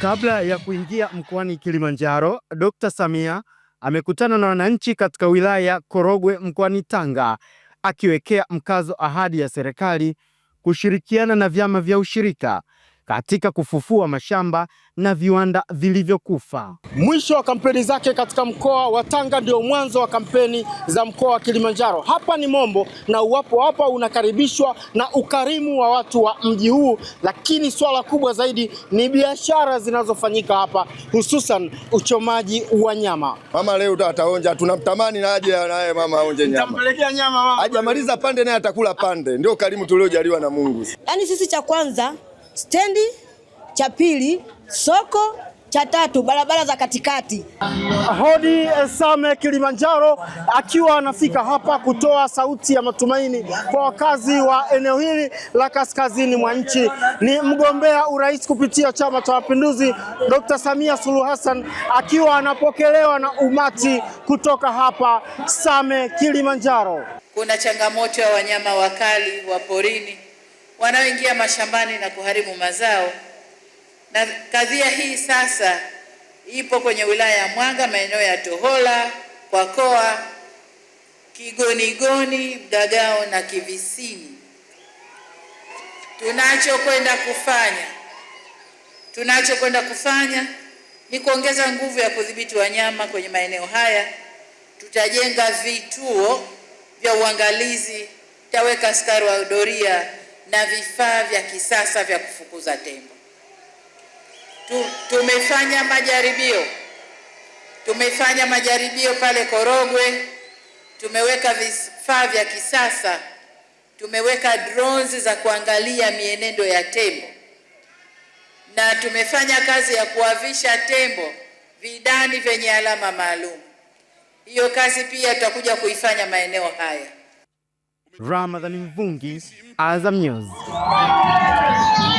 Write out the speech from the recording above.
Kabla ya kuingia mkoani Kilimanjaro, Dr. Samia amekutana na wananchi katika wilaya ya Korogwe mkoani Tanga, akiwekea mkazo ahadi ya serikali kushirikiana na vyama vya ushirika katika kufufua mashamba na viwanda vilivyokufa. Mwisho wa kampeni zake katika mkoa wa Tanga ndio mwanzo wa kampeni za mkoa wa Kilimanjaro. Hapa ni Mombo na uwapo hapa unakaribishwa na ukarimu wa watu wa mji huu, lakini swala kubwa zaidi ni biashara zinazofanyika hapa, hususan uchomaji wa nyama. Mama leo ataonja, tunamtamani na aje naye mama aonje nyama, nyama hajamaliza pande naye atakula pande, ndio karimu tuliojaliwa na Mungu. Yaani sisi cha kwanza stendi, cha pili soko, cha tatu barabara za katikati. Hodi Same Kilimanjaro akiwa anafika hapa kutoa sauti ya matumaini kwa wakazi wa eneo hili la kaskazini mwa nchi. Ni mgombea urais kupitia Chama cha Mapinduzi, Dr. Samia Suluhu Hassan akiwa anapokelewa na umati kutoka hapa Same Kilimanjaro. Kuna changamoto ya wanyama wakali wa porini wanaoingia mashambani na kuharibu mazao. Na kadhia hii sasa ipo kwenye wilaya ya Mwanga, maeneo ya Tohola, Kwakoa, Kigonigoni, Mdagao na Kivisini. Tunachokwenda kufanya tunachokwenda kufanya ni kuongeza nguvu ya kudhibiti wanyama kwenye maeneo haya. Tutajenga vituo vya uangalizi, tutaweka askari wa doria na vifaa vya kisasa vya kufukuza tembo. Tumefanya majaribio, tumefanya majaribio pale Korogwe, tumeweka vifaa vya kisasa, tumeweka drones za kuangalia mienendo ya tembo, na tumefanya kazi ya kuwavisha tembo vidani vyenye alama maalum. Hiyo kazi pia tutakuja kuifanya maeneo haya. Ramadhani Mvungi, Azam News.